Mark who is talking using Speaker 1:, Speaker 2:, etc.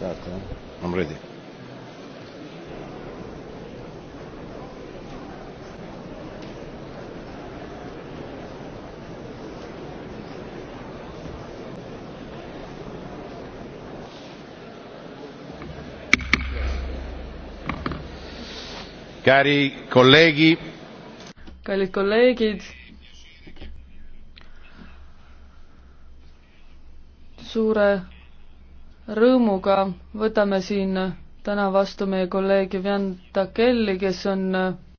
Speaker 1: start. Huh?
Speaker 2: I'm ready.
Speaker 3: Cari colleghi,
Speaker 4: kallid kolleegid, suure rõõmuga võtame siin täna vastu meie kolleegi Jan Takelli, kes on